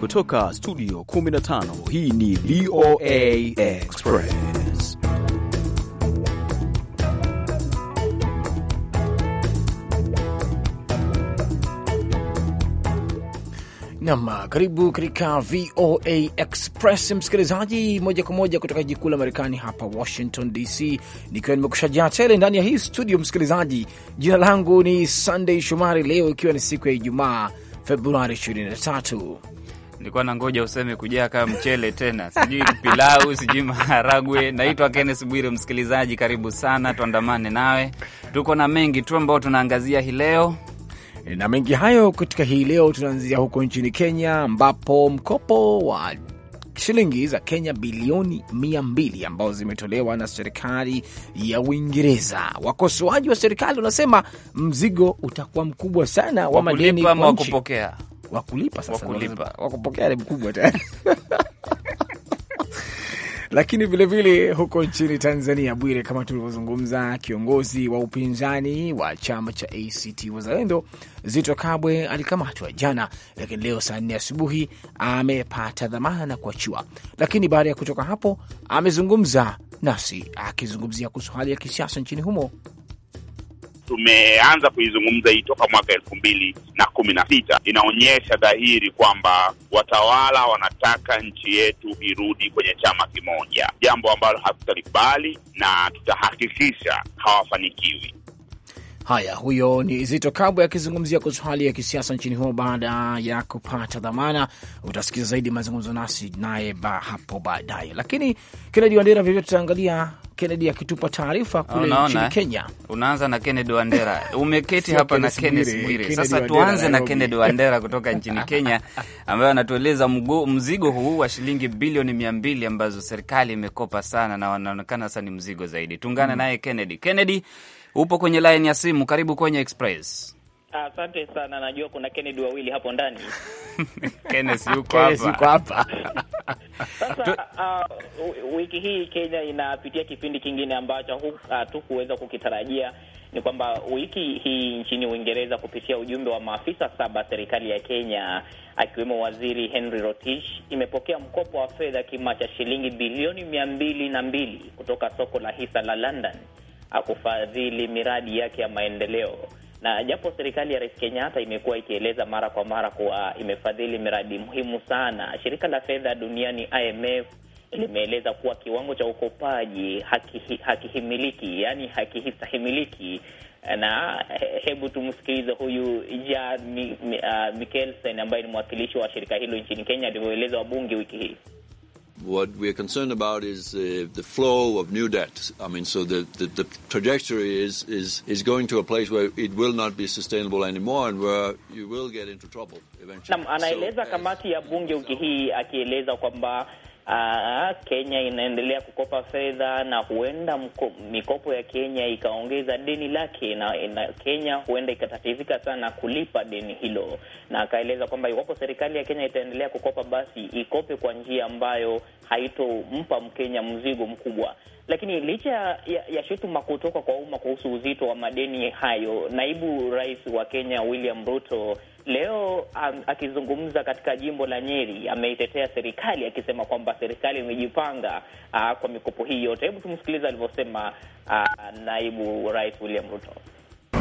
kutoka studio 15 hii ni VOA Express. Nam, karibu katika VOA Express msikilizaji, moja kwa moja kutoka jiji kuu la Marekani hapa Washington DC, nikiwa nimekusha jaa tele ndani ya hii studio msikilizaji. Jina langu ni Sunday Shomari, leo ikiwa ni siku ya Ijumaa Februari 23 nilikuwa na ngoja useme kujaa kama mchele tena, sijui pilau, sijui maharagwe. Naitwa Kennes Bwire, msikilizaji, karibu sana, tuandamane nawe. Tuko na mengi tu ambayo tunaangazia hii leo e, na mengi hayo katika hii leo, tunaanzia huko nchini Kenya ambapo mkopo wa shilingi za Kenya bilioni mia mbili ambazo zimetolewa na serikali ya Uingereza. Wakosoaji wa serikali wanasema mzigo utakuwa mkubwa sana wa madeni kwa nchi wa kulipa sasa, wa kupokea tayari lakini vilevile huko nchini Tanzania, Bwire, kama tulivyozungumza, kiongozi wa upinzani wa chama cha ACT Wazalendo Zito Kabwe alikamatwa jana, lakini leo saa nne asubuhi amepata dhamana na kuachiwa. Lakini baada ya kutoka hapo amezungumza nasi akizungumzia kuhusu hali ya kisiasa nchini humo tumeanza kuizungumza hii toka mwaka elfu mbili na kumi na sita inaonyesha dhahiri kwamba watawala wanataka nchi yetu irudi kwenye chama kimoja, jambo ambalo hatutakubali na tutahakikisha hawafanikiwi. Haya, huyo ni Zito Kabwe akizungumzia kuhusu hali ya kisiasa nchini humo baada ya kupata dhamana. Utasikiza zaidi mazungumzo nasi naye ba hapo baadaye, lakini Kennedy Wandera vivyo tutaangalia Kennedy akitupa taarifa kule nchini eh? Kenya. Unaanza na Kennedy Wandera, umeketi hapa na Kenneth Bwire. Sasa tuanze na Kennedy Wandera kutoka nchini Kenya, ambayo anatueleza mzigo huu wa shilingi bilioni mia mbili ambazo serikali imekopa sana na wanaonekana sasa ni mzigo zaidi. Tuungane mm. naye Kennedy. Kennedy, Upo kwenye line ya simu, karibu kwenye Express. Ah, asante sana. Najua kuna Kennedy wawili hapo ndani yuko hapa sasa. Uh, wiki hii Kenya inapitia kipindi kingine ambacho hatukuweza uh, kukitarajia. Ni kwamba wiki hii nchini Uingereza, kupitia ujumbe wa maafisa saba, serikali ya Kenya akiwemo Waziri Henry Rotich imepokea mkopo wa fedha kima cha shilingi bilioni mia mbili na mbili kutoka soko la hisa la London kufadhili miradi yake ya maendeleo. Na japo serikali ya Rais Kenyatta imekuwa ikieleza mara kwa mara kuwa imefadhili miradi muhimu sana, shirika la fedha duniani IMF limeeleza kuwa kiwango cha ukopaji hakihimiliki, haki yani hakistahimiliki. Na eh, hebu tumsikilize huyu Jan ah, Mikkelsen ambaye ni mwakilishi wa shirika hilo nchini Kenya alivyoeleza wabunge wiki hii. what we're concerned about is uh, the flow of new debt. I mean, so the, the, the, trajectory is, is, is going to a place where it will not be sustainable anymore and where you will get into trouble eventually. Naam, anaeleza so, kamati ya bunge wiki hii akieleza kwamba Aa, ah, Kenya inaendelea kukopa fedha na huenda mko, mikopo ya Kenya ikaongeza deni lake na, na Kenya huenda ikatatizika sana kulipa deni hilo, na akaeleza kwamba iwapo serikali ya Kenya itaendelea kukopa, basi ikope kwa njia ambayo haitompa Mkenya mzigo mkubwa. Lakini licha ya, ya shutuma kutoka kwa umma kuhusu uzito wa madeni hayo, naibu rais wa Kenya William Ruto Leo um, akizungumza katika jimbo la Nyeri ameitetea serikali akisema kwamba serikali imejipanga uh, kwa mikopo hii yote. Hebu tumsikilize alivyosema uh, naibu rais William Ruto.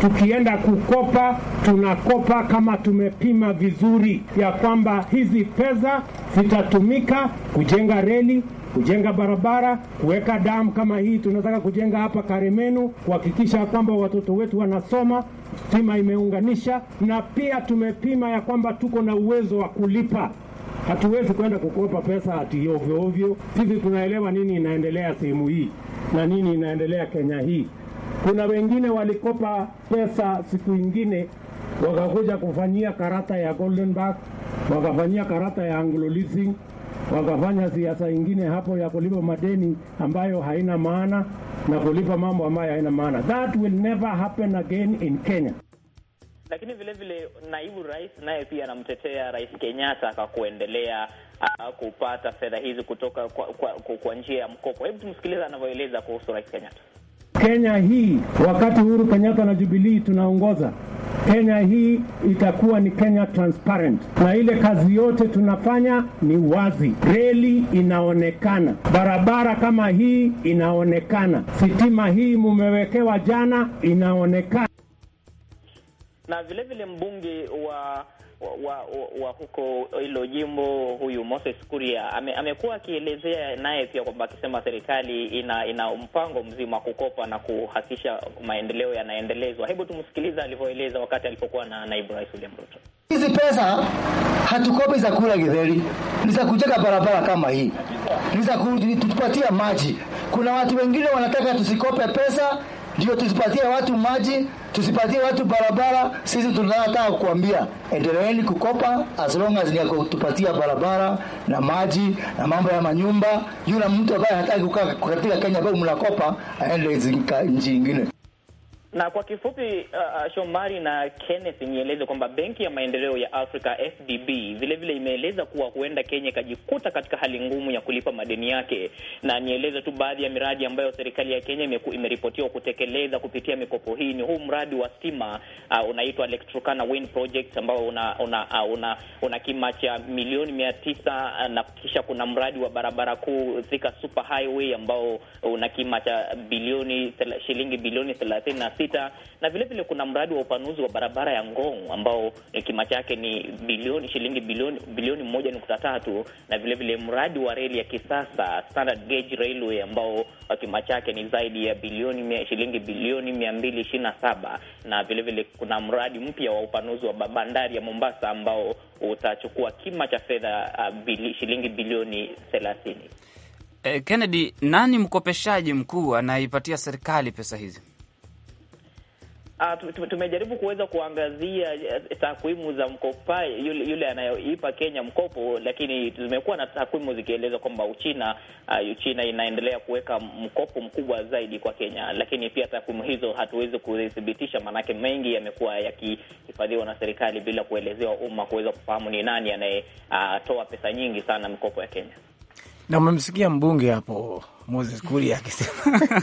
Tukienda kukopa tunakopa kama tumepima vizuri ya kwamba hizi pesa zitatumika kujenga reli, kujenga barabara, kuweka damu kama hii tunataka kujenga hapa Karemenu, kuhakikisha kwamba watoto wetu wanasoma stima imeunganisha, na pia tumepima ya kwamba tuko na uwezo wa kulipa. Hatuwezi kwenda kukopa pesa ati ovyo ovyo. Sisi tunaelewa nini inaendelea sehemu hii na nini inaendelea Kenya hii. Kuna wengine walikopa pesa siku ingine wakakuja kufanyia karata ya Golden wakafanyia karata ya Anglo Leasing wakafanya siasa ingine hapo ya kulipa madeni ambayo haina maana na kulipa mambo ambayo haina maana. That will never happen again in Kenya. Lakini vile vile naibu rais naye pia anamtetea Rais Kenyatta kwa kuendelea uh, kupata fedha hizi kutoka kwa, kwa, kwa, kwa njia ya mkopo. Hebu tumsikiliza anavyoeleza kuhusu Rais Kenyatta. Kenya hii wakati Uhuru Kenyatta na Jubilee tunaongoza Kenya hii itakuwa ni Kenya transparent, na ile kazi yote tunafanya ni wazi. Reli inaonekana, barabara kama hii inaonekana, sitima hii mumewekewa jana inaonekana, na vilevile mbunge wa wa, wa, wa huko hilo jimbo huyu Moses Kuria ame, amekuwa akielezea naye pia kwamba akisema serikali ina ina mpango mzima wa kukopa na kuhakikisha maendeleo yanaendelezwa. Hebu tumsikiliza alivyoeleza wakati alipokuwa na naibu rais William Ruto. Hizi pesa hatukopi za kula githeri, ni za kujenga barabara kama hii, ni za kutupatia maji. Kuna watu wengine wanataka tusikope pesa ndio tusipatie watu maji, tusipatie watu barabara. Sisi tunataka kuambia endeleeni kukopa as long as ni kutupatia barabara na maji na mambo ya manyumba. Yule mtu ambaye hataki kukaa katika Kenya, bado mnakopa aende nchi nyingine. Na kwa kifupi uh, uh, Shomari na Kenneth, nieleze kwamba Benki ya Maendeleo ya Afrika FDB vilevile imeeleza kuwa huenda Kenya ikajikuta katika hali ngumu ya kulipa madeni yake, na nieleze tu baadhi ya miradi ambayo serikali ya Kenya imeripotiwa kutekeleza kupitia mikopo hii. Ni huu mradi wa stima uh, unaitwa Electrocana Wind Project ambao una una, una, uh, una, una kima cha milioni mia tisa uh, na kisha kuna mradi wa barabara kuu Thika Super Highway ambao una kima cha bilioni shilingi bilioni thelathini na sita na vile vile kuna mradi wa upanuzi wa barabara ya Ngong ambao eh, kima chake ni bilioni shilingi bilioni bilioni moja nukta tatu na vile vile mradi wa reli ya kisasa standard gauge railway ambao eh, kima chake ni zaidi ya bilioni mia, shilingi bilioni mia mbili ishirini na saba na vile vile kuna mradi mpya wa upanuzi wa bandari ya Mombasa ambao utachukua kima cha fedha uh, bili, shilingi bilioni thelathini. Eh, Kennedy, nani mkopeshaji mkuu anaipatia serikali pesa hizi? Uh, tumejaribu kuweza kuangazia eh, takwimu za mkopa yule, yule anayoipa Kenya mkopo, lakini zimekuwa na takwimu zikieleza kwamba Uchina uh, Uchina inaendelea kuweka mkopo mkubwa zaidi kwa Kenya, lakini pia takwimu hizo hatuwezi kuzithibitisha, maanake mengi yamekuwa yakihifadhiwa na serikali bila kuelezewa umma kuweza kufahamu ni nani anayetoa ah, uh, pesa nyingi sana mikopo ya Kenya. Na umemsikia mbunge hapo Moses Kuria akisema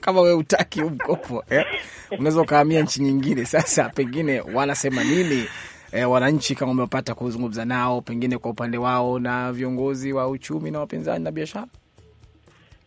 kama we utaki mkopo eh, unaweza ukahamia nchi nyingine. Sasa pengine wanasema nini eh, wananchi kama wamepata kuzungumza nao, pengine kwa upande wao na viongozi wa uchumi na wapinzani na biashara?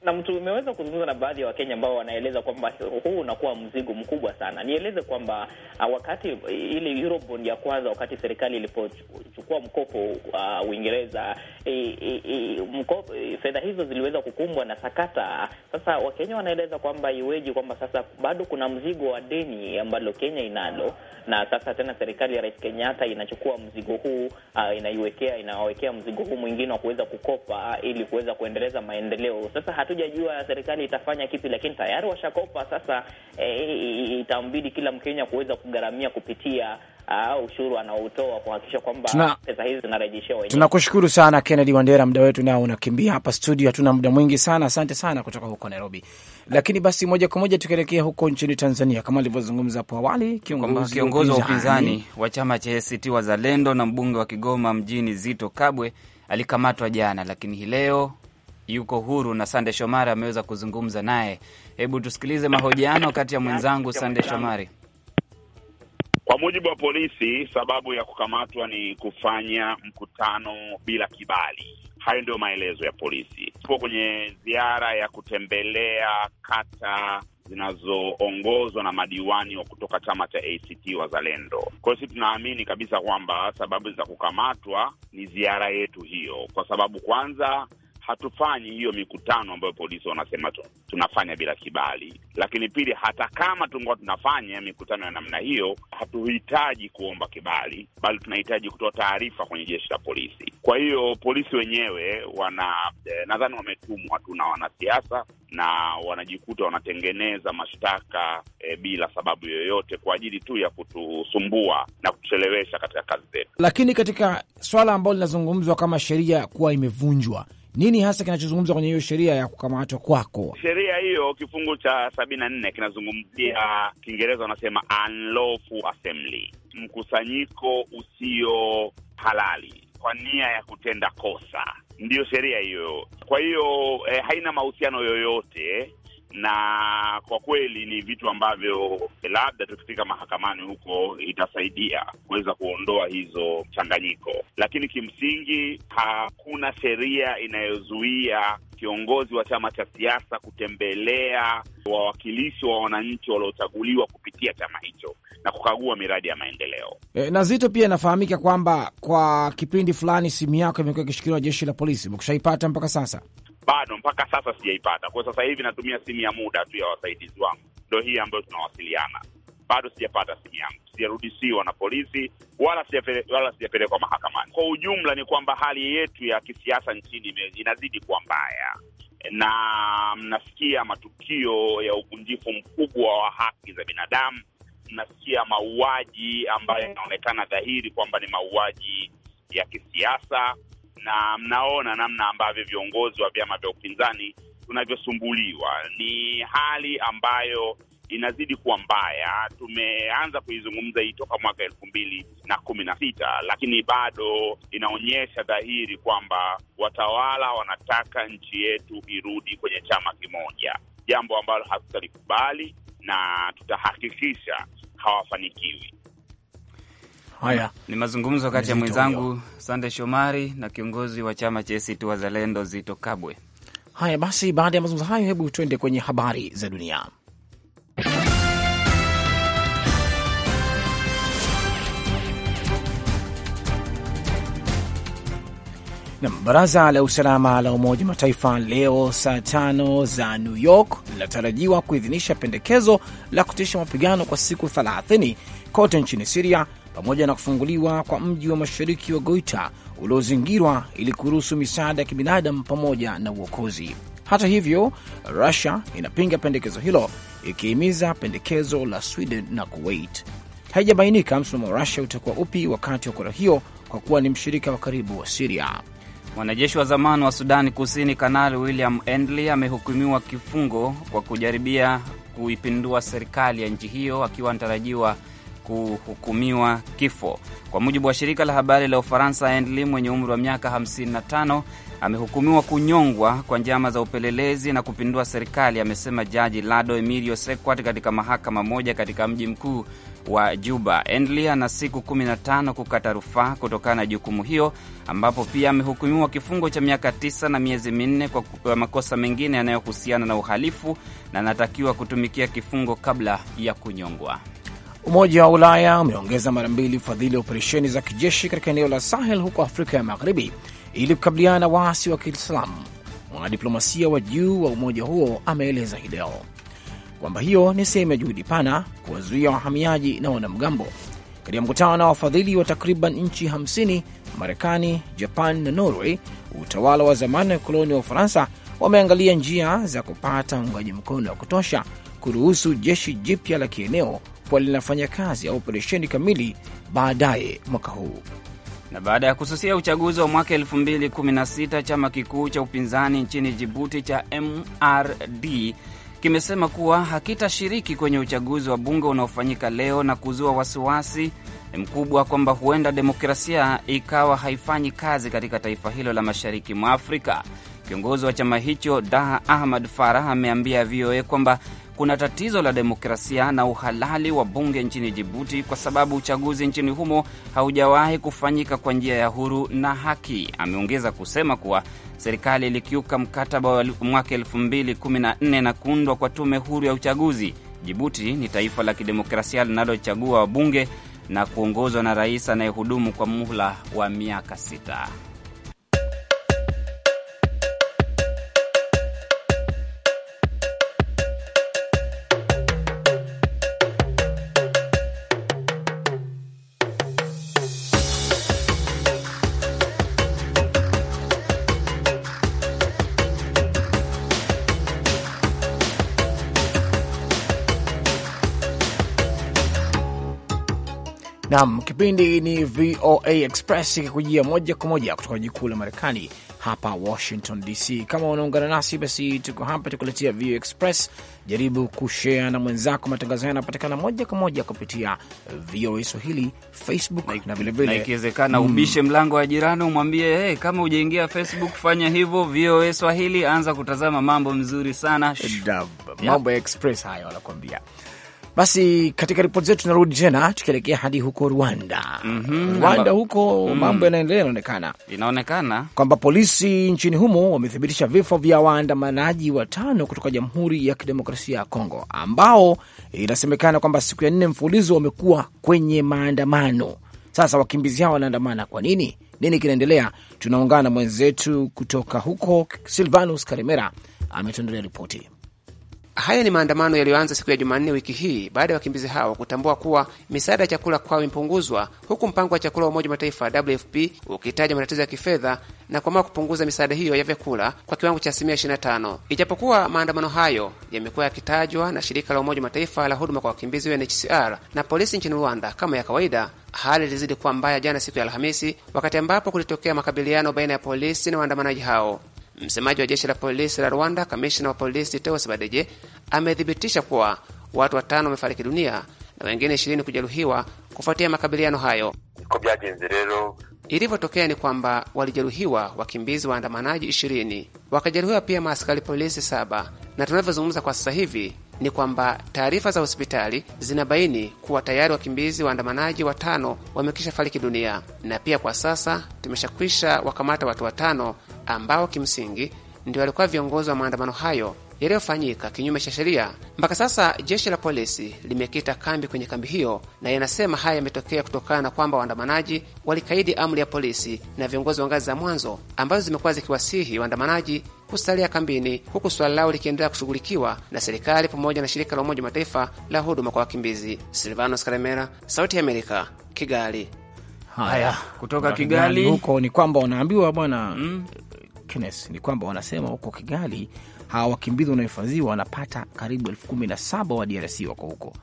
na mtu umeweza kuzungumza na baadhi ya wa Wakenya ambao wanaeleza kwamba huu unakuwa mzigo mkubwa sana. Nieleze kwamba ah, wakati ile Eurobond ya kwanza, wakati serikali ilipochukua mkopo wa uh, Uingereza e, e, e, fedha hizo ziliweza kukumbwa na sakata. Sasa Wakenya wanaeleza kwamba iweji kwamba sasa bado kuna mzigo wa deni ambalo Kenya inalo, na sasa tena serikali ya Rais Kenyatta inachukua mzigo huu uh, inaiwekea inawawekea mzigo huu mwingine wa kuweza kukopa ili kuweza kuendeleza maendeleo sasa hatujajua serikali itafanya kipi, lakini tayari washakopa. Sasa e, itambidi kila Mkenya kuweza kugharamia kupitia uh, ushuru anaotoa kuhakikisha kwamba tuna, pesa hizi zinarejeshewa. Tunakushukuru sana Kennedy Wandera, muda wetu nao unakimbia hapa studio, hatuna muda mwingi sana. Asante sana kutoka huko Nairobi. Lakini basi moja kwa moja tukielekea huko nchini Tanzania, kama alivyozungumza hapo awali kiongozi wa upinzani wa chama cha ACT Wazalendo na mbunge wa Kigoma mjini Zito Kabwe alikamatwa jana, lakini hii leo yuko huru na Sande Shomari ameweza kuzungumza naye. Hebu tusikilize mahojiano kati ya mwenzangu Sande Shomari. Kwa mujibu wa polisi, sababu ya kukamatwa ni kufanya mkutano bila kibali. Hayo ndio maelezo ya polisi. Tupo kwenye ziara ya kutembelea kata zinazoongozwa na madiwani wa kutoka chama cha ACT Wazalendo. Kwa hiyo sisi tunaamini kabisa kwamba sababu za kukamatwa ni ziara yetu hiyo, kwa sababu kwanza hatufanyi hiyo mikutano ambayo polisi wanasema tunafanya bila kibali. Lakini pili, hata kama tungekuwa tunafanya mikutano ya namna hiyo, hatuhitaji kuomba kibali, bali tunahitaji kutoa taarifa kwenye jeshi la polisi. Kwa hiyo polisi wenyewe wana eh, nadhani wametumwa tu na wanasiasa na wanajikuta wanatengeneza mashtaka eh, bila sababu yoyote kwa ajili tu ya kutusumbua na kutuchelewesha katika kazi zetu. Lakini katika swala ambalo linazungumzwa kama sheria kuwa imevunjwa nini hasa kinachozungumzwa kwenye hiyo sheria ya kukamatwa kwako? Sheria hiyo kifungu cha sabini na nne kinazungumzia Kiingereza wanasema unlawful assembly, mkusanyiko usio halali kwa nia ya kutenda kosa, ndiyo sheria hiyo. Kwa hiyo eh, haina mahusiano yoyote na kwa kweli ni vitu ambavyo labda tukifika mahakamani huko itasaidia kuweza kuondoa hizo changanyiko, lakini kimsingi hakuna sheria inayozuia kiongozi wa chama cha siasa kutembelea wawakilishi wa wananchi waliochaguliwa kupitia chama hicho na kukagua miradi ya maendeleo. E, na Zito pia inafahamika kwamba kwa kipindi fulani simu yako imekuwa ikishikiliwa jeshi la polisi. Umekushaipata mpaka sasa? bado mpaka sasa sijaipata. Kwa sasa hivi natumia simu ya muda tu ya wasaidizi wangu, ndio hii ambayo tunawasiliana. Bado sijapata simu yangu, sijarudishiwa na polisi wala sijapelekwa sijapele mahakamani. Kwa ujumla ni kwamba hali yetu ya kisiasa nchini inazidi kuwa mbaya na mnasikia matukio ya uvunjifu mkubwa wa haki za binadamu, mnasikia mauaji ambayo yanaonekana dhahiri kwamba ni mauaji ya kisiasa na mnaona namna ambavyo viongozi wa vyama vya upinzani tunavyosumbuliwa. Ni hali ambayo inazidi kuwa mbaya. Tumeanza kuizungumza hii toka mwaka elfu mbili na kumi na sita, lakini bado inaonyesha dhahiri kwamba watawala wanataka nchi yetu irudi kwenye chama kimoja, jambo ambalo hatutalikubali na tutahakikisha hawafanikiwi. Haya ni mazungumzo kati ya mwenzangu Sande Shomari na kiongozi wa chama cha ACT Wazalendo Zito Kabwe. Haya basi, baada ya mazungumzo hayo, hebu tuende kwenye habari za dunia. Na baraza la usalama la Umoja Mataifa leo saa tano za New York linatarajiwa kuidhinisha pendekezo la kutisha mapigano kwa siku 30 kote nchini Siria pamoja na kufunguliwa kwa mji wa mashariki wa Goita uliozingirwa ili kuruhusu misaada ya kibinadamu pamoja na uokozi. Hata hivyo, Rusia inapinga pendekezo hilo ikihimiza pendekezo la Sweden na Kuwait. Haijabainika msimamo wa Rusia utakuwa upi wakati wa kura hiyo, kwa kuwa ni mshirika wa karibu wa Siria. Mwanajeshi wa zamani wa Sudani Kusini Kanali William Endley amehukumiwa kifungo kwa kujaribia kuipindua serikali ya nchi hiyo akiwa anatarajiwa kuhukumiwa kifo. Kwa mujibu wa shirika la habari la Ufaransa, Endli mwenye umri wa miaka 55 amehukumiwa kunyongwa kwa njama za upelelezi na kupindua serikali, amesema Jaji Lado Emilio Sequat katika mahakama moja katika mji mkuu wa Juba. Endli ana siku 15 kukata rufaa kutokana na jukumu hiyo, ambapo pia amehukumiwa kifungo cha miaka 9 na miezi minne kwa makosa mengine yanayohusiana na uhalifu, na anatakiwa kutumikia kifungo kabla ya kunyongwa. Umoja wa Ulaya umeongeza mara mbili ufadhili wa operesheni za kijeshi katika eneo la Sahel huko Afrika ya Magharibi ili kukabiliana na waasi wa Kiislamu. Mwanadiplomasia wa juu wa umoja huo ameeleza hii leo kwamba hiyo ni sehemu ya juhudi pana kuwazuia wahamiaji na wanamgambo. Katika mkutano na wafadhili wa takriban nchi 50, Marekani, Japan na Norway, utawala wa zamani wa koloni wa Ufaransa wameangalia njia za kupata uungaji mkono wa kutosha kuruhusu jeshi jipya la kieneo kuwa linafanya kazi ya operesheni kamili baadaye mwaka huu. Na baada ya kususia uchaguzi wa mwaka 2016 chama kikuu cha upinzani nchini Jibuti cha MRD kimesema kuwa hakitashiriki kwenye uchaguzi wa bunge unaofanyika leo na kuzua wasiwasi mkubwa kwamba huenda demokrasia ikawa haifanyi kazi katika taifa hilo la mashariki mwa Afrika. Kiongozi wa chama hicho Daha Ahmad Farah ameambia VOA kwamba kuna tatizo la demokrasia na uhalali wa bunge nchini Jibuti kwa sababu uchaguzi nchini humo haujawahi kufanyika kwa njia ya huru na haki. Ameongeza kusema kuwa serikali ilikiuka mkataba wa mwaka 2014 na kuundwa kwa tume huru ya uchaguzi. Jibuti ni taifa la kidemokrasia linalochagua wabunge na kuongozwa na rais anayehudumu kwa muhula wa miaka sita. Kipindi ni VOA Express ikikujia moja kwa moja kutoka kuu la Marekani hapa Washington DC. Kama unaungana nasi, basi tuko hapa tukuletea VOA Express. Jaribu kushea na mwenzako. Matangazo haya yanapatikana moja kwa moja kupitia VOA Swahili Facebook na, na vilevile ikiwezekana, mm, ubishe mlango wa jirani umwambie, hey, kama ujaingia Facebook fanya hivyo. VOA Swahili, anza kutazama mambo mzuri sana, mambo ya Express hayo wanakuambia basi katika ripoti zetu tunarudi tena tukielekea hadi huko Rwanda. mm -hmm. Rwanda huko mm -hmm. mambo yanaendelea, inaonekana inaonekana kwamba polisi nchini humo wamethibitisha vifo vya waandamanaji watano kutoka Jamhuri ya Kidemokrasia ya Kongo ambao inasemekana kwamba siku ya nne mfululizo wamekuwa kwenye maandamano. Sasa wakimbizi hao wanaandamana kwa nini? Nini kinaendelea? Tunaungana na mwenzetu kutoka huko Silvanus Karimera ametuandalia ripoti. Haya ni maandamano yaliyoanza siku ya Jumanne wiki hii baada ya wakimbizi hao kutambua kuwa misaada ya chakula kwao imepunguzwa, huku mpango wa chakula wa Umoja wa Mataifa WFP ukitaja matatizo ya kifedha na kuamua kupunguza misaada hiyo ya vyakula kwa kiwango cha asilimia 25. Ijapokuwa maandamano hayo yamekuwa yakitajwa na shirika la Umoja wa Mataifa la huduma kwa wakimbizi UNHCR na polisi nchini Rwanda kama ya kawaida, hali ilizidi kuwa mbaya jana siku ya Alhamisi, wakati ambapo kulitokea makabiliano baina ya polisi na waandamanaji hao. Msemaji wa jeshi la polisi la Rwanda, kamishina wa polisi Theo badeje amethibitisha kuwa watu watano wamefariki dunia na wengine ishirini kujeruhiwa kufuatia makabiliano hayo. Ilivyotokea ni kwamba walijeruhiwa wakimbizi waandamanaji ishirini, wakajeruhiwa pia maaskari polisi saba, na tunavyozungumza kwa sasa hivi ni kwamba taarifa za hospitali zinabaini kuwa tayari wakimbizi waandamanaji watano wamekisha fariki dunia, na pia kwa sasa tumeshakwisha wakamata watu watano ambao kimsingi ndio walikuwa viongozi wa maandamano hayo yaliyofanyika kinyume cha sheria. Mpaka sasa jeshi la polisi limekita kambi kwenye kambi hiyo, na yanasema haya yametokea kutokana na kwamba waandamanaji walikaidi amri ya polisi na viongozi wa ngazi za mwanzo ambazo zimekuwa zikiwasihi waandamanaji kusalia kambini, huku swala lao likiendelea kushughulikiwa na serikali pamoja na shirika la Umoja wa Mataifa la huduma kwa wakimbizi. Silvanos Karemera, Sauti ya Amerika, Kigali. Haya, kutoka Kigali huko ni kwamba wanaambiwa bwana mm. Kenes, ni kwamba wanasema huko Kigali hawa wakimbizi wanaohifadhiwa wanapata karibu elfu kumi na saba wa DRC wako huko.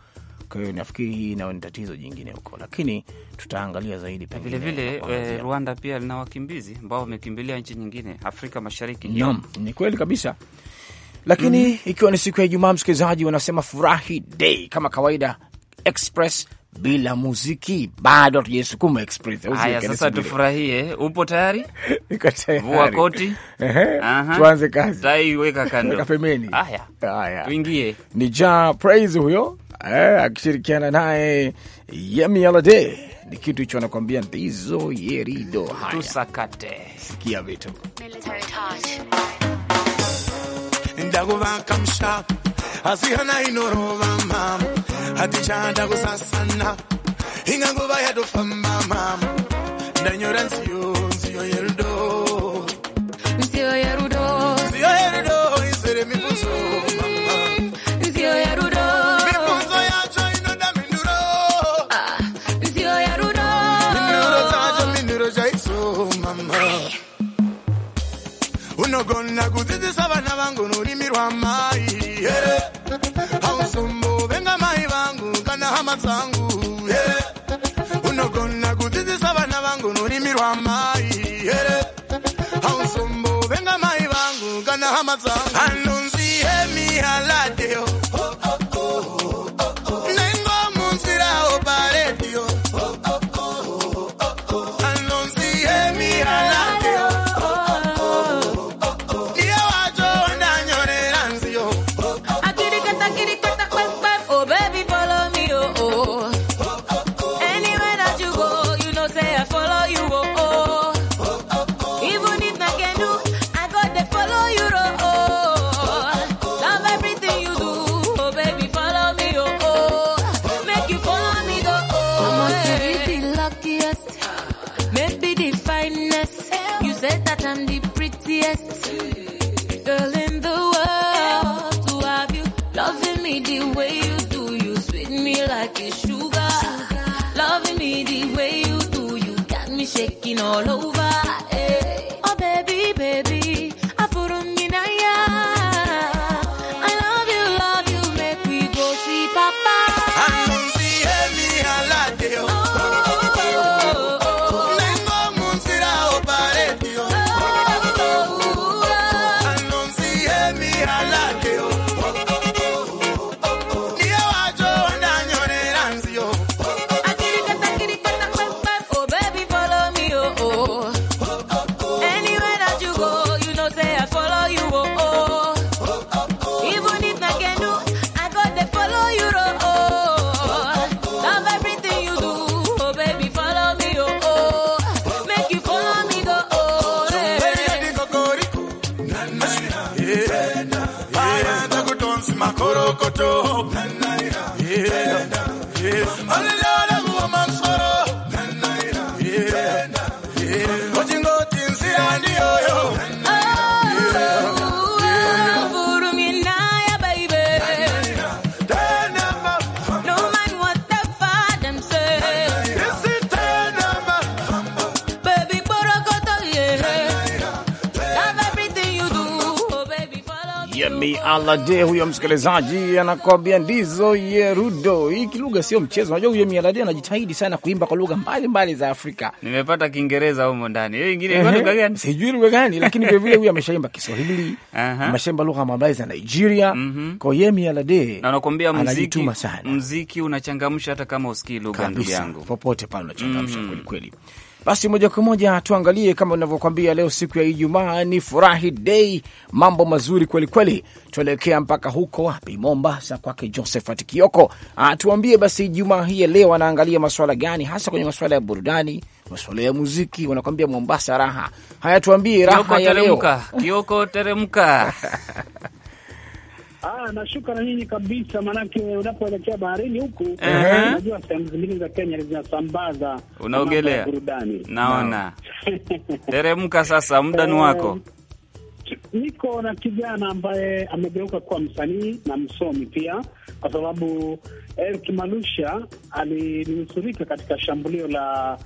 Kwa hiyo nafikiri hii nayo ni tatizo jingine huko, lakini tutaangalia zaidi pengine. Vile eh, Rwanda pia lina wakimbizi ambao wamekimbilia nchi nyingine Afrika Mashariki. Naam, ni kweli kabisa lakini mm, ikiwa ni siku ya Ijumaa, msikilizaji, wanasema furahi day kama kawaida express bila muziki bado hatujaisukuma express. Haya, sasa tufurahie. Upo tayari? Niko tayari. Vua koti. Tuanze kazi. Tai weka kando. Weka pembeni. Haya. Haya. Tuingie. Ni Ja Praise huyo. Eh, akishirikiana naye Yemi Alade. Ni kitu hicho anakuambia ndizo yerido. Haya. Tusakate. Sikia vitu. Ndagova kamsha. Asihana inorova mama. hatichaada kusasana ingangova yatofamba mama ndanyora nziyo nziyo yerudo I know Mialade huyo msikilizaji anakwambia ndizo yerudo. Hii kilugha sio mchezo. Unajua huyo Mialade anajitahidi sana kuimba kwa lugha mbalimbali za Afrika. Nimepata Kiingereza humo ndani. Hiyo nyingine ni lugha gani? Sijui lugha gani, lakini vile vile huyo ameshaimba Kiswahili, ameshaimba lugha mbalimbali za Nigeria. Mhm. Kwa hiyo Mialade na anakuambia muziki, muziki unachangamsha hata kama usikii lugha ndugu yangu. Popote pale unachangamsha mhm. kweli kweli. Basi moja kwa moja tuangalie, kama unavyokwambia leo siku ya Ijumaa ni furahi dei, mambo mazuri kwelikweli. Tuelekea mpaka huko wapi? Mombasa, kwake Josephat Kioko. Atuambie ah, basi Ijumaa hii ya leo anaangalia masuala gani hasa kwenye masuala ya burudani, masuala ya muziki, wanakwambia Mombasa raha. Haya, tuambie raha ya leo. Kioko teremka Ah, nashuka na nyinyi kabisa, maanake unapoelekea baharini huku Unajua sehemu zingine za Kenya zinasambaza unaogelea burudani, naona teremka. Sasa muda ni eh, wako. Niko na kijana ambaye amegeuka kuwa msanii na msomi pia, kwa sababu Eric Malusha alinusurika katika shambulio la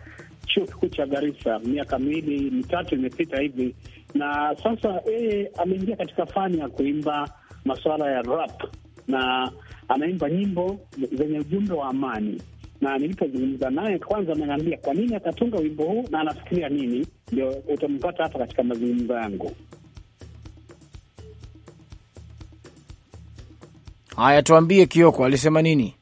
chuo kikuu cha Garissa miaka miwili mitatu imepita hivi, na sasa yeye ameingia katika fani ya kuimba masuala ya rap na anaimba nyimbo zenye ujumbe wa amani, na nilipozungumza naye kwanza, ameniambia kwa nini akatunga wimbo huu na anafikiria nini, ndio utampata hapa katika mazungumzo yangu haya. Tuambie Kioko alisema nini?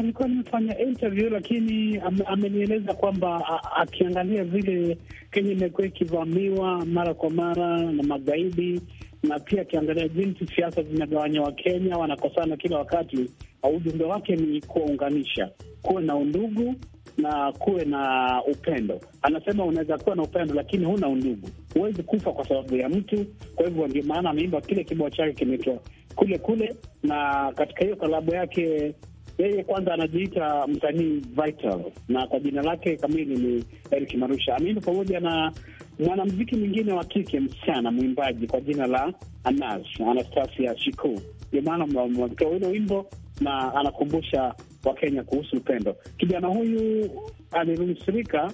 Nilikuwa ah, nimefanya interview lakini am, amenieleza kwamba akiangalia vile Kenya imekuwa ikivamiwa mara kwa mara na magaidi na pia akiangalia jinsi siasa zinagawanya Wakenya, wanakosana kila wakati. Ujumbe wake ni kuwaunganisha, kuwe na undugu na kuwe na upendo. Anasema unaweza kuwa na upendo lakini huna undugu, huwezi kufa kwa sababu ya mtu. Kwa hivyo ndio maana ameimba kile kibao chake kimetoa kule kule, na katika hiyo kalabu yake yeye kwanza anajiita msanii Vital na kwa jina lake kamili ni Eric Marusha. Ameimba pamoja na mwanamziki mwingine wa kike, msichana mwimbaji kwa jina la Anas Anastasia Shiku. Ndio maana mnamtoa ule wimbo na anakumbusha Wakenya kuhusu upendo. Kijana huyu alinusurika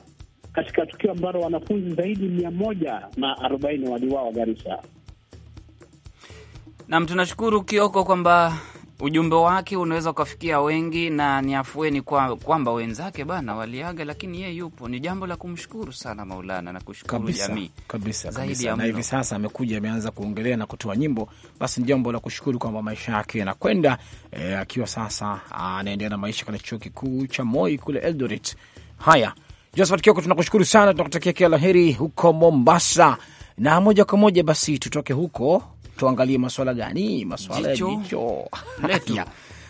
katika tukio ambalo wanafunzi zaidi mia moja na arobaini waliwawa Garissa. Nam, tunashukuru Kioko kwamba ujumbe wake unaweza ukafikia wengi na ni afueni kwa, kwamba wenzake bana waliaga, lakini yeye yupo. Ni jambo la kumshukuru sana Maulana na kushukuru jamii kabisa, kabisa. Na hivi sasa amekuja ameanza kuongelea na kutoa nyimbo, basi ni jambo la kushukuru kwamba maisha yake yanakwenda e, akiwa sasa anaendelea na maisha katika chuo kikuu cha Moi kule Eldoret. Haya, Josephat Kioko, tunakushukuru sana, tunakutakia kila la heri huko Mombasa na moja kwa moja basi tutoke huko tuangalie maswala gani? Maswala ya jicho letu.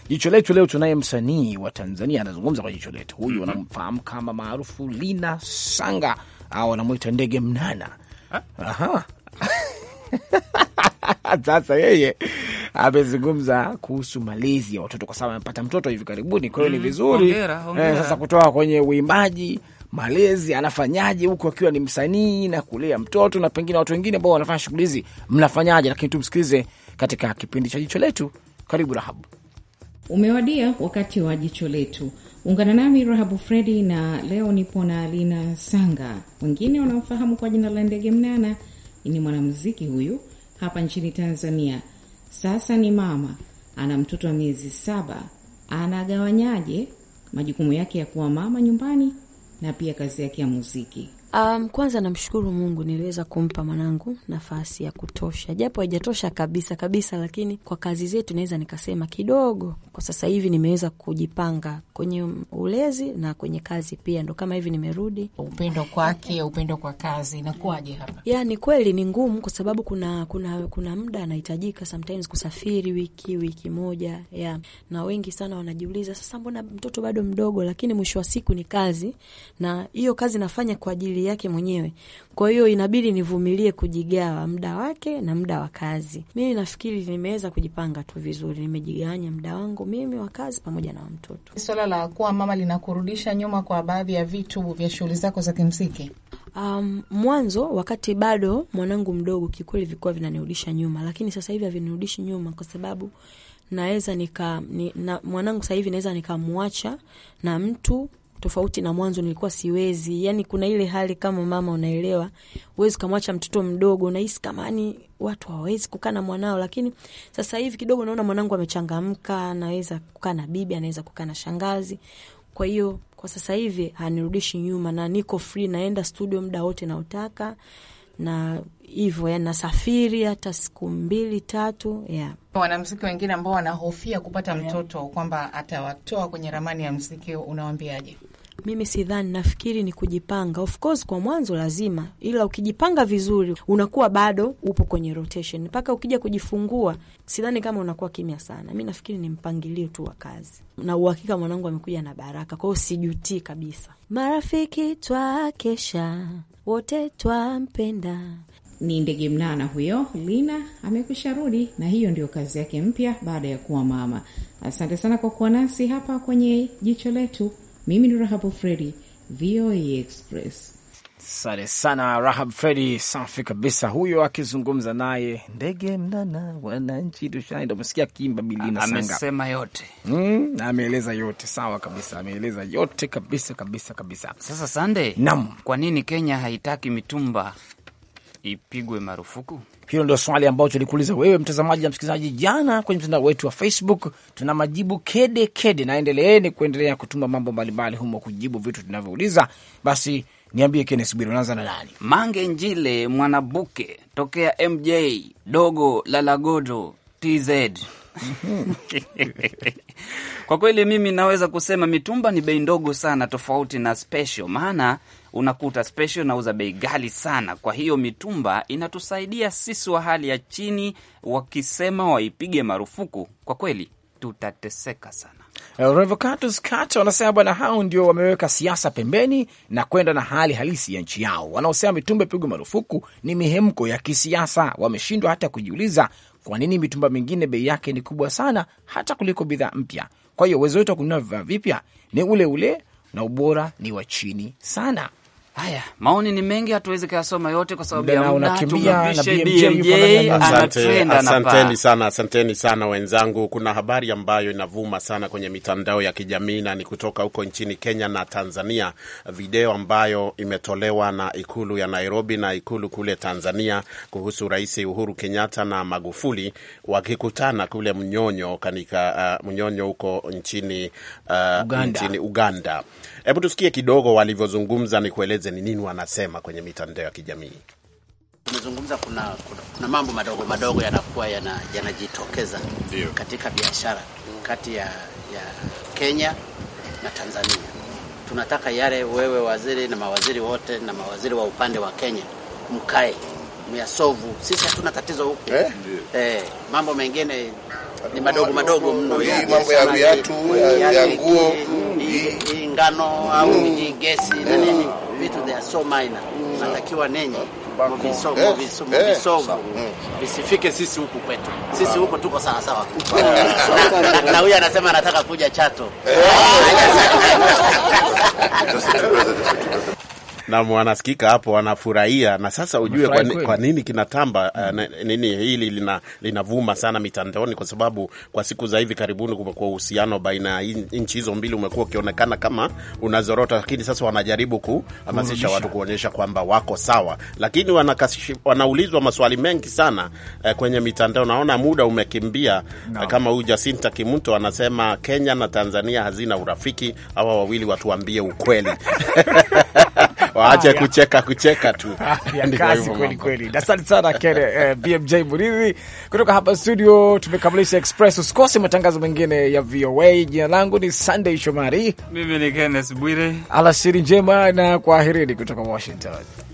Jicho letu leo tunaye msanii wa Tanzania anazungumza kwa jicho letu. Huyu wanamfahamu mm-hmm. kama maarufu Lina Sanga au wanamwita ndege mnana. Aha. Sasa yeye amezungumza kuhusu malezi ya watoto, kwa sababu amepata mtoto hivi karibuni. Kwa hiyo ni vizuri eh, sasa kutoka kwenye uimbaji malezi anafanyaje huku akiwa ni msanii na kulea mtoto na pengine watu wengine ambao wanafanya shughuli hizi mnafanyaje? Lakini tumsikilize katika kipindi cha jicho letu. Karibu Rahabu. Umewadia wakati wa jicho letu. Ungana nami Rahabu Fredi na leo nipo na Alina Sanga, wengine wanamfahamu kwa jina la Ndege Mnana. Ni mwanamuziki huyu hapa nchini Tanzania. Sasa ni mama, ana mtoto wa miezi saba. Anagawanyaje majukumu yake ya kuwa mama nyumbani na pia kazi yake ya muziki. Um, kwanza namshukuru Mungu niliweza kumpa mwanangu nafasi ya kutosha, japo haijatosha kabisa kabisa, lakini kwa kazi zetu naweza nikasema kidogo. Kwa sasa hivi nimeweza kujipanga kwenye ulezi na kwenye kazi pia, ndo kama hivi nimerudi. Upendo kwake, upendo kwa kazi inakuwaje hapa? Ya, ni kweli ni ngumu, kwa sababu kuna kuna kuna muda anahitajika sometimes kusafiri wiki wiki moja ya, na wengi sana wanajiuliza sasa, mbona mtoto bado mdogo? Lakini mwisho wa siku ni kazi, na hiyo kazi nafanya kwa ajili akili yake mwenyewe. Kwa hiyo inabidi nivumilie kujigawa muda wake na muda wa kazi. Mimi nafikiri nimeweza kujipanga tu vizuri, nimejigawanya muda wangu mimi wa kazi pamoja na wa mtoto. Swala la kuwa mama linakurudisha nyuma kwa baadhi ya vitu vya shughuli zako za kimziki? Um, mwanzo wakati bado mwanangu mdogo, kikweli vilikuwa vinanirudisha nyuma, lakini sasa hivi havinirudishi nyuma kwa sababu naweza nika ni, na, mwanangu sasa hivi naweza nikamwacha na mtu tofauti na mwanzo nilikuwa siwezi. Yani kuna ile hali kama mama, unaelewa, huwezi kamwacha mtoto mdogo, unahisi kama yani watu hawawezi kukaa na mwanao, lakini sasa hivi kidogo naona mwanangu amechangamka, anaweza kukaa na bibi, anaweza kukaa na shangazi. Kwa hiyo kwa sasa hivi hanirudishi nyuma na niko free, naenda studio muda wote naotaka na hivyo yani, nasafiri hata siku mbili tatu yeah. Wanamziki wengine ambao wanahofia kupata mtoto kwamba atawatoa kwenye ramani ya mziki, unawambiaje? Mimi sidhani, nafikiri ni kujipanga. Of course kwa mwanzo lazima, ila ukijipanga vizuri unakuwa bado upo kwenye rotation mpaka ukija kujifungua. Sidhani kama unakuwa kimya sana. Mi nafikiri ni mpangilio tu wa kazi, na uhakika mwanangu amekuja na baraka, kwa hiyo sijutii kabisa. Marafiki twakesha wote twampenda. Ni ndege mnana huyo Lina amekwisha rudi, na hiyo ndio kazi yake mpya baada ya kuwa mama. Asante sana kwa kuwa nasi hapa kwenye jicho letu. Mimi ni Rahabu Fredi, VOA Express. Asante sana Rahab Fredi, safi kabisa. Huyo akizungumza naye ndege mnana wananchi tushai, ndo msikia kimba Bilina Sanga, amesema yote mm, ameeleza yote, sawa kabisa, ameeleza yote kabisa kabisa kabisa. Sasa Sande, nam, kwa nini Kenya haitaki mitumba ipigwe marufuku? Hilo ndio swali ambayo tulikuuliza wewe mtazamaji na msikilizaji jana kwenye mtandao wetu wa Facebook. Tuna majibu kede kede, naendeleeni kuendelea kutuma mambo mbalimbali humo kujibu vitu tunavyouliza. Basi Niambie Kennes Bwire, unaanza na nani? Mange Njile Mwanabuke tokea MJ dogo la Lagodo TZ. Kwa kweli mimi naweza kusema mitumba ni bei ndogo sana, tofauti na special, maana unakuta special nauza bei ghali sana. Kwa hiyo mitumba inatusaidia sisi wa hali ya chini, wakisema waipige marufuku, kwa kweli tutateseka sana. Eh, Revocatus Kata wanasema bwana, hao ndio wameweka siasa pembeni na kwenda na hali halisi ya nchi yao. Wanaosema mitumba ipigwe marufuku ni mihemko ya kisiasa, wameshindwa hata kujiuliza kwa nini mitumba mingine bei yake ni kubwa sana hata kuliko bidhaa mpya. Kwa hiyo uwezo wetu wa kununua vifaa vipya ni ule ule na ubora ni wa chini sana. Haya, maoni ni mengi, hatuwezi kuyasoma yote kwa sababu ya muda. Asanteni sana, asanteni sana wenzangu. Kuna habari ambayo inavuma sana kwenye mitandao ya kijamii na ni kutoka huko nchini Kenya na Tanzania, video ambayo imetolewa na ikulu ya Nairobi na ikulu kule Tanzania kuhusu Rais Uhuru Kenyatta na Magufuli wakikutana kule Mnyonyo kanika, uh, Mnyonyo huko nchini, uh, nchini Uganda. Hebu tusikie kidogo walivyozungumza, ni kueleze ni nini wanasema kwenye mitandao ya kijamii. Tumezungumza kuna, kuna, kuna mambo madogo madogo yanakuwa yanajitokeza yana katika biashara kati ya, ya Kenya na Tanzania. Tunataka yale wewe waziri na mawaziri wote na mawaziri wa upande wa Kenya mkae myasovu, sisi hatuna tatizo huku eh? Eh, mambo mengine ni madogo madogo mno, hii mambo ya viatu ya nguo, hii ngano au mm. hii gesi na nini, vitu they are so minor, mm. natakiwa nenye visogo mm. visifike sisi huku kwetu. Ah. Sisi huku tuko sawa sawa, na huyu anasema anataka kuja Chato. na wanasikika hapo, wanafurahia na sasa ujue kwa, kwa nini kinatamba uh, nini hili lina, linavuma sana mitandaoni, kwa sababu kwa siku za hivi karibuni kumekuwa uhusiano baina ya nchi hizo mbili umekuwa ukionekana kama unazorota, lakini sasa wanajaribu kuhamasisha watu kuonyesha kwamba wako sawa, lakini wanaulizwa maswali mengi sana uh, kwenye mitandao. Naona muda umekimbia no. Uh, eh, kama huyu Jacinta Kimuto anasema Kenya na Tanzania hazina urafiki, hawa wawili watuambie ukweli waache kucheka kucheka tu kazi kweli kweli. Asante sana Kene eh, BMJ Muridhi kutoka hapa studio. Tumekamilisha Express. Usikose matangazo mengine ya VOA. Jina langu ni Sunday Shomari, mimi ni Kenneth Bwire. Alasiri njema na kwaherini kutoka Washington.